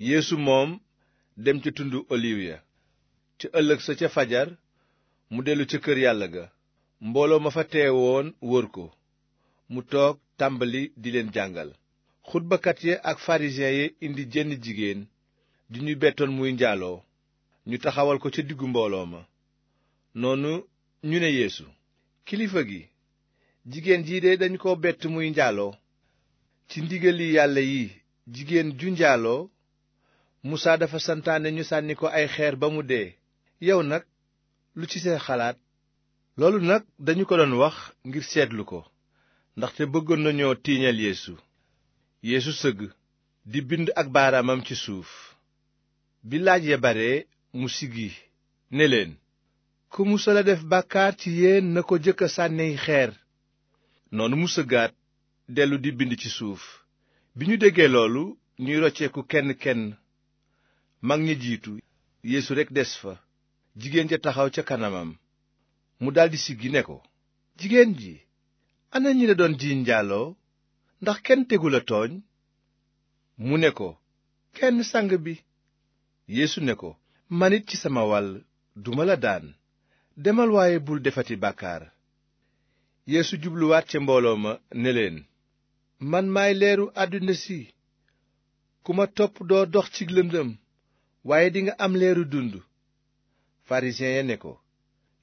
yéesu moom dem ca tundu oliw ya ca ëllëg sa ca fajar mu dellu ca kër yàlla ga mbooloo ma fa teewoon wër ko mu toog tàmbali di leen jàngal xutbakat ya ak farisiyen yi indi jenn jigéen di ñu bettoon muy njaaloo ñu taxawal ko ca diggu mbooloo ma noonu ñu ne yéesu kilifa gi jigéen jii de dañu ko bett muy njaaloo ci ndigali yàlla yi jigéen ju njaaloo musaa dafa santaane ñu sànni ko ay xeer ba mu dee yow nag lu ci seen xalaat loolu nag dañu ko doon wax ngir seetlu ko ndaxte bëggoon nañoo tiiñal yéesu yéesu sëgg di bind ak baaraamam ci suuf bi laaj ya bare mu siggi ne leen ku musa la def bàkkaar ci yéen na ko jëkk a sànni xeer noonu mu sëggaat dellu di bind ci suuf bi ñu déggee loolu ñuy rocceeku kenn kenn mag ña jiitu yéesu rekk des fa jigéen ca taxaw ca kanamam mu daldi siggi ne ko jigéen ji ana ñi la doon jiiñ njaaloo ndax kenn tegu la tooñ mu ne ko kenn sang bi yéesu ne ko man it ci sama wàll duma la daan demal waaye bul defati bàkkaar yéesu jubluwaat ca mbooloo ma ne leen man maay leeru àdduna si ku ma topp doo dox ci lëndëm waaye dinga am leeru dund farisiyen ya ne ko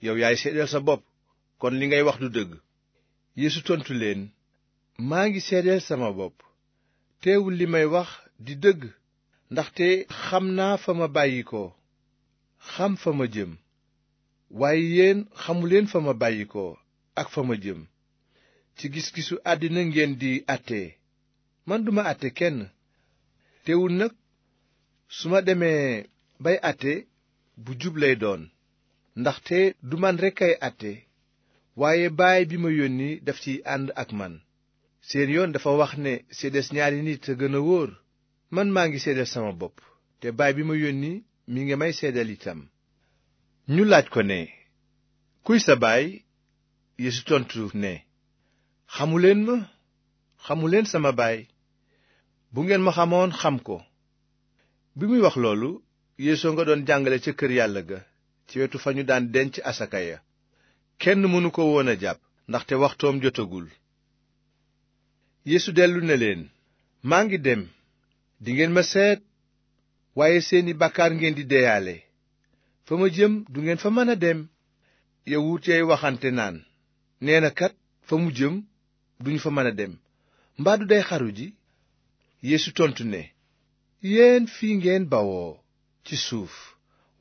yow yaay seedeel sa bopp kon li ngay wax du dëgg yéesu tontu leen maa ngi seedeel sama bopp teewul li may wax di dëgg ndaxte xam naa fa ma bàyyi koo xam fa ma jëm waaye yéen xamuleen fa ma bàyyi koo ak fa ma jëm ci gis-gisu àddina ngeen di àttee man duma àtte kenn teewul nag su ma demee bay àtte bu jub lay doon ndaxte du man rekk ay àtte waaye baay bi ma yónni daf ciy ànd ak man seen yoon dafa wax ne seedes ñaari nit a gën a wóor man maa ngi seedeel sama bopp te baay bi ma yónni mi ngi may seedeel itam ñu laaj ko ne kuy sa baay Yeesu tontu ne xamuleen ma xamuleen sama baay bu ngeen ma xamoon xam ko bi muy wax loolu yéesu nga doon jàngale ca kër yàlla ga ci wetu fa ñu daan denc asaka ya kenn mënu ko woon a jàpp ndaxte waxtoom jotagul yéesu dellu ne leen maa ngi dem dingeen ma seet waaye seeni bàkkaar ngeen di deyaale fa ma jëm du ngeen fa mën a dem yawut yay waxante naan nee na kat fa mu jëm duñu fa mën a dem mbaa du day xaru ji yéesu tontu ne yéen fii ngeen bawoo ci suuf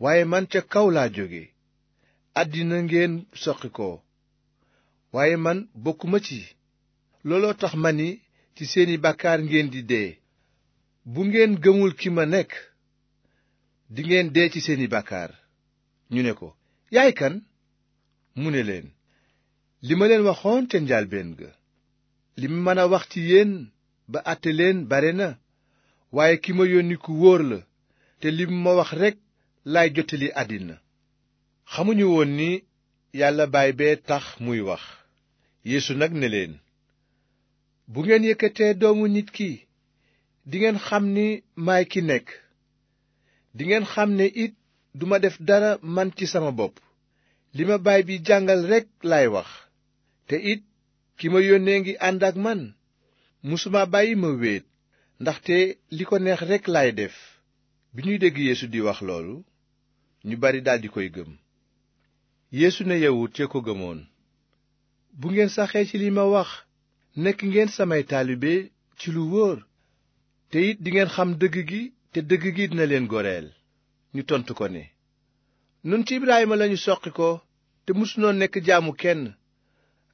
waaye man ca kaw laa jóge àddina ngeen soqi ko waaye man bokkuma ci looloo tax ma ni ci seeni bàkkaar ngeen di dee bu ngeen gëmul ki ma nekk dingeen dee ci seeni bàkkaar ñu ne ko yaay kan mu ne leen li ma leen waxoon ca njaalbeen ga li ma mën a wax ci yéen ba àtte leen bare na waaye ki ma yónni ku wóor la te li mu ma wax rekk laay jottali àddina xamuñu woon ni yàlla baay bee tax muy wax yéesu nag ne leen bu ngeen yëkkatee doomu nit ki dingeen xam ni maay ki nekk dingeen xam ne it duma def dara man ci sama bopp li ma baay bi jàngal rekk laay wax te it ki ma yónnee ngi ànd ak man musuma bàyyi ma wéet ndaxte li ko neex rekk laay def bi ñuy dégg Yeesu di wax loolu ñu bari daldi koy gëm yéesu ne yawut ya ko gëmoon bu ngeen saxee ci li ma wax nekk ngeen samay taalibe ci lu wóor te it dingeen xam dëgg gi te dëgg gi dina leen goreel ñu tontu ko ne nun ci Ibrahima lañu soqi ko te mësunoo nekk jaamu kenn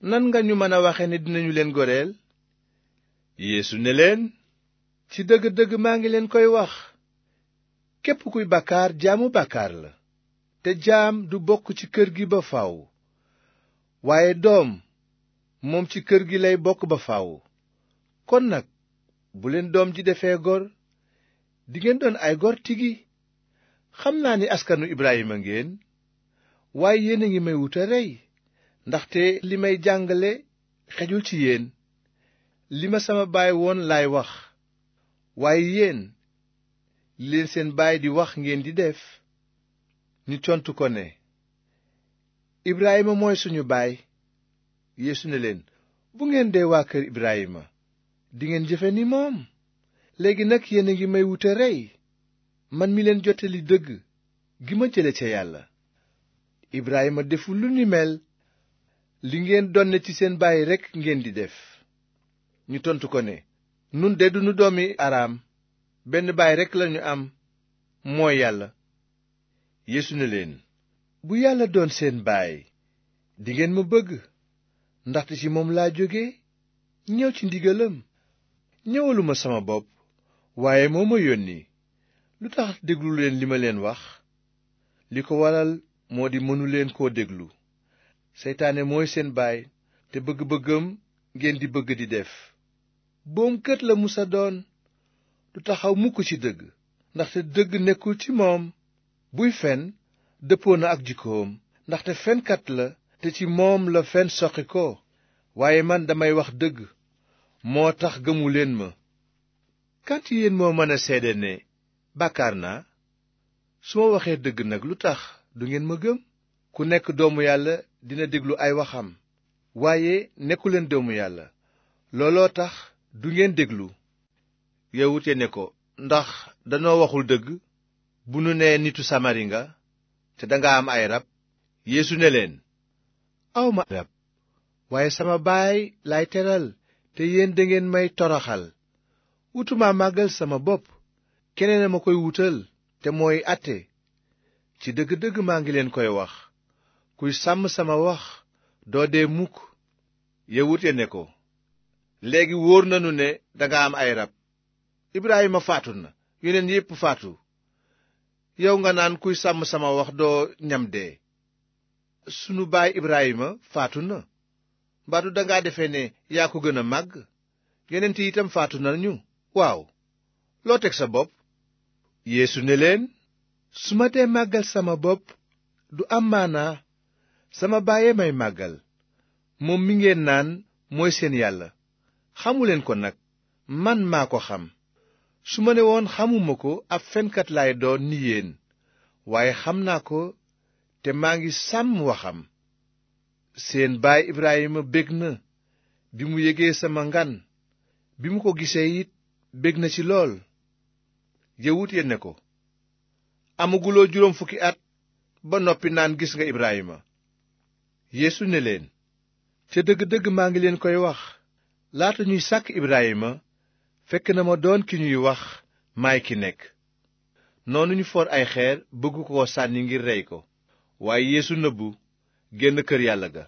nan nga ñu mën a waxe ne dinañu leen goreel Yeesu ne leen ci dëgg-dëgg maa ngi leen koy wax képp kuy bàkkaar jaamu bàkkaar la te jaam du bokk ci kër gi ba faw waaye doom moom ci kër gi lay bokk ba faw kon nag bu leen doom ji defee gor dingeen doon ay gor tigi xam naa ni askanu Ibrahima ngeen waaye yéen a ngi may wut rey ndaxte li may jàngale xejul ci yéen li ma sama baay woon laay wax waaye yéen li leen seen baay di wax ngeen di def ñu tontu ko ne Ibrahima mooy suñu baay Yeesu ne leen bu ngeen dee waa kër Ibrahima dingeen jëfe ni moom léegi nag yéen a ngi may wute rey man mi leen jottali dëgg gi ma jële ca yàlla Ibrahima deful lu ni mel li ngeen donne ci seen baay rekk ngeen di def ñu tontu ko ne nun de dunu doomi araam benn baay rekk lañu am mooy yàlla yeesu ne leen bu yàlla doon seen baay dingeen ma bëgg ndaxte ci moom laa jóge ñëw ci ndigalam ñëwaluma sama bopp waaye moo ma yónni lu tax déglu leen li ma leen wax li ko waral moo di mënu leen koo déglu seytaane mooy seen baay te bëgg-bëggam ngeen di bëgg di def boomkat la musa doon du taxaw mukk ci dëgg ndaxte dëgg nekkul ci moom buy fenn dëppoo na ak jikkoom ndaxte fenkat la te ci moom la fen soqi ko waaye man damay wax dëgg moo tax gëmu leen ma kan ci yéen moo mën a seede ne bàkkaar naa su ma waxee dëgg nag lu tax du ngeen ma gëm ku nekk doomu yàlla dina déglu ay waxam waaye nekkuleen doomu yàlla looloo tax du ngeen déglu yawut ya ne ko ndax danoo waxul dëgg bu nu nee nitu samari nga te danga am ay rab yeesu ne leen awma rab waaye sama baay laay teral te yéen dangeen may toroxal wutuma màggal sama bopp keneen a ma koy wutal te mooy àtte ci dëgg-dëgg maa ngi leen koy wax kuy sàmm sama wax doo dee mukk yawut ya ne ko léegi wóor nanu ne danga am ay rab Ibrahima faatu na yeneen yépp faatu yow nga naan kuy sàmm sama wax doo ñam dee sunu baay Ibrahima faatu na mbaatu dangaa defe ne yaa ko gën a màgg yeneen yi itam faatu nañu waaw loo teg sa bopp Yeesu ne leen su ma dee màggal sama bopp du am maanaa sama baayee may màggal moom mi ngeen naan mooy seen yàlla xamuleen ko nag man maa ko xam su ma ne woon xamuma ko ab fenkat lay doon ni yéen waaye xam naa ko te maa ngi sàmm waxam seen baay Ibrahima bég na bi mu yégee sama ngan bi mu ko gisee it bég na ci lool yawut ya ne ko amaguloo juróom fukki at ba noppi naan gis nga ibraayima yéesu ne leen ca dëgg-dëgg maa ngi leen koy wax laata ñuy sàkk Ibrahima fekk na ma doon ki ñuy wax maay ki nekk noonu ñu for ay xeer bëggu ko sànni ngir rey ko waaye Yeesu nëbbu génn kër yàlla ga